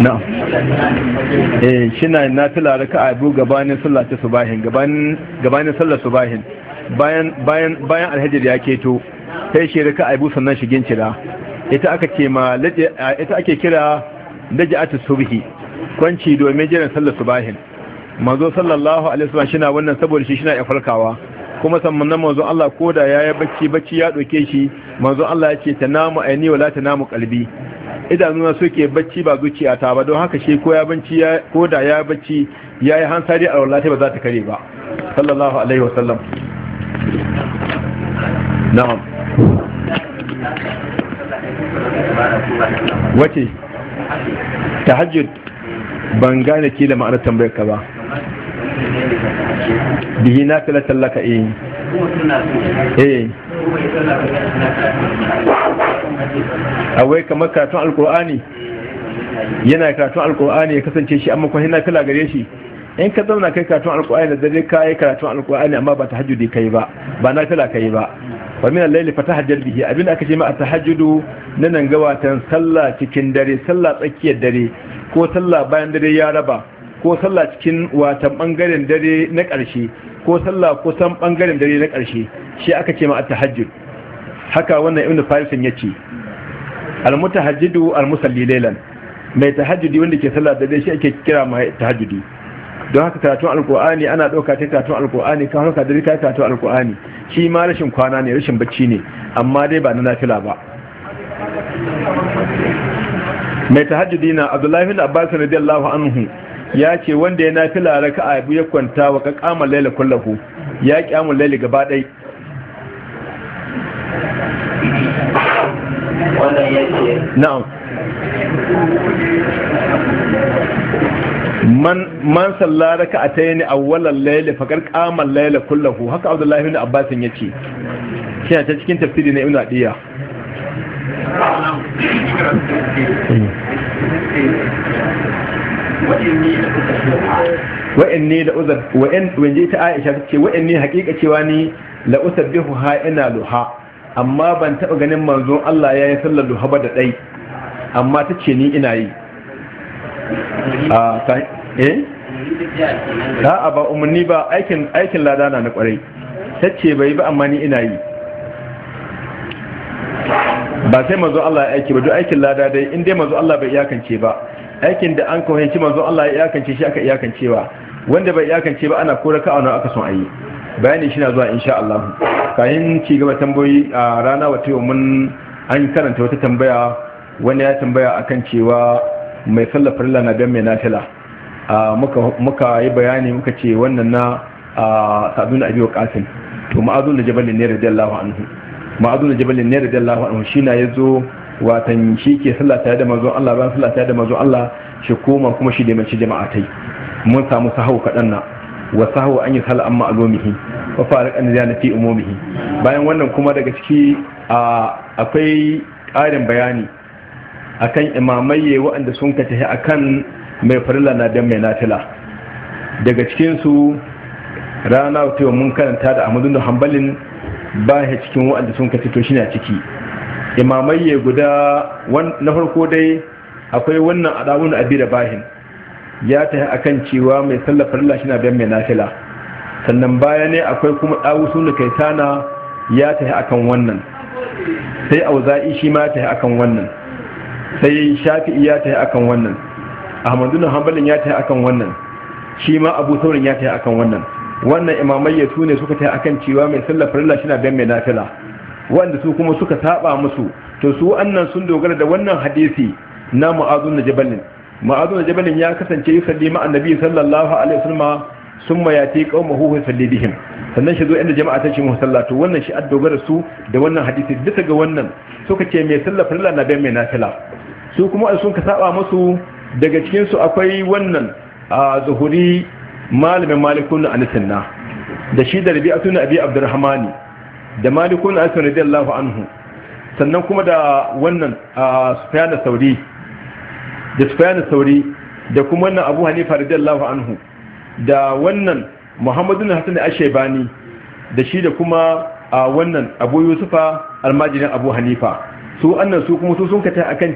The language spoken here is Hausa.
na eh shina na tula raka'a abu gabanin sallata subahin gabanin gabanin sallar subahin bayan bayan bayan alhajir ya keto sai shi raka'a abu sannan shigin cira ita aka ce ma ita ake kira subhi kwanci domin jiran sallar subahin manzo sallallahu alaihi wasallam shina wannan saboda shi shina ya farkawa kuma sannan manzo Allah koda yayi bacci bacci ya doke shi manzo Allah ya ce tanamu aini wala tanamu kalbi. idanuna suke bacci ba zuciyata ba don haka shi ko ya banci ko da ya bacci ya yi hansari a wallahi ba za ta kare ba sallallahu alaihi wasallam na'am wace tahajjud ban gane kila ma'anar tambayar ka ba bihi eh. na kala tallaka eh eh awai kamar karatun alkur'ani yana karatun alkur'ani ya kasance shi amma kwanin kala gare shi in ka zauna kai karatun alkur'ani da dare kayi yi karatun alkur'ani amma ba ta tahajjudi kai ba ba na kala kai ba fa min al-layli fatahajjal bihi abin aka ce ma at-tahajjudu na nan gawatan sallah cikin dare sallah tsakiyar dare ko sallah bayan dare ya raba ko sallah cikin watan bangaren dare na karshe ko sallah kusan bangaren dare na karshe shi aka ce ma at-tahajjud haka wannan ibn farisin yace almutahajjidu almusalli laylan mai tahajjudi wanda ke sallah da dai shi ake kira mai tahajjudi don haka karatun alqur'ani ana ɗauka ta karatun alqur'ani kan haka da rika karatun alqur'ani shi ma rashin kwana ne rashin bacci ne amma dai ba na nafila ba mai tahajjudi na abdullahi bin abbas radiyallahu anhu ya ce wanda ya nafila raka'a biyu ya kwanta wa kaqama layla kullahu ya qiyamu Laila gaba ɗaya na'am man man salla raka'atayn awwalal layl faqad qama al-layl kullahu haka Abdullahi ibn Abbas yace shi ta cikin tafsiri na Ibn Adiya wa'anni da uzar wa'an wanje ta Aisha tace inni haqiqa cewa ni la usabbihu ha ina duha amma ban taɓa ganin manzon Allah ya yi sallar duha ba da ɗai amma ta ce ni ina yi a eh? ba umarni ba aikin lada na na kwarai ta ce bai ba amma ni ina yi ba sai manzon Allah ya aiki ba duk aikin lada dai in dai manzon Allah bai iyakance ba aikin da an kawai manzon Allah ya iyakance shi aka iyakancewa wanda bai iyakance ba ana kora ka'ana aka son ayi bayani shi na zuwa insha Allah kayan ci gaba tambayoyi a rana wata yau mun an karanta wata tambaya wani ya tambaya akan cewa mai sallar farilla na gan mai natila muka yi bayani muka ce wannan na sa'adun abi wa qasim to ma'azun jabal ne radiyallahu anhu ma'azun jabal ne radiyallahu anhu shi na yazo watan shi ke sallah tare da mazo Allah bayan sallah tare da mazo Allah shi koma kuma shi da mace jama'a tai mun samu sahau kaɗan na wa sahau an yi sal amma alumihi wa an ziyana fi umumihi bayan wannan kuma daga ciki akwai ƙarin bayani akan imamai waɗanda sun ka tafi akan mai farilla na dan mai natila daga cikin su rana wata mun karanta da Ahmadu da hambalin ba ya cikin waɗanda sun ka to shi na ciki imamai guda na farko dai akwai wannan adawun abi da bahin ya tafi akan cewa mai sallar farilla shi na dan mai natila sannan baya ne akwai kuma ɗawusu da kaitana ya tafi akan wannan sai auza'i shi ma ya tafi akan wannan sai shafi'i ya tafi akan wannan ahmadu na hanbalin ya tafi akan wannan shi ma abu saurin ya tafi akan wannan wannan imamai su ne suka tafi akan cewa mai sallar farilla shi na bayan mai nafila wanda su kuma suka saba musu to su wannan sun dogara da wannan hadisi na mu'azun na jabalin mu'azun na jabalin ya kasance yusalli ma annabi sallallahu alaihi wasallam summa yati huhun fa sallibihim sannan shi zo inda jama'a ta ce mu sallatu wannan shi addogara su da wannan hadisi duka ga wannan suka ce mai sallah farilla na bai mai nafila su kuma sun ka saba musu daga cikin su akwai wannan a zuhuri malamin malikun anisinna da shi da rabi'atu na abi abdurrahman da malikun anisin radiyallahu anhu sannan kuma da wannan a sufyan sauri da sufyan sauri da kuma wannan abu hanifa radiyallahu anhu da wannan muhammadu hassan ashebani da shi da kuma a wannan abu yusufa almajirin abu hanifa su annan su kuma su sun kata akan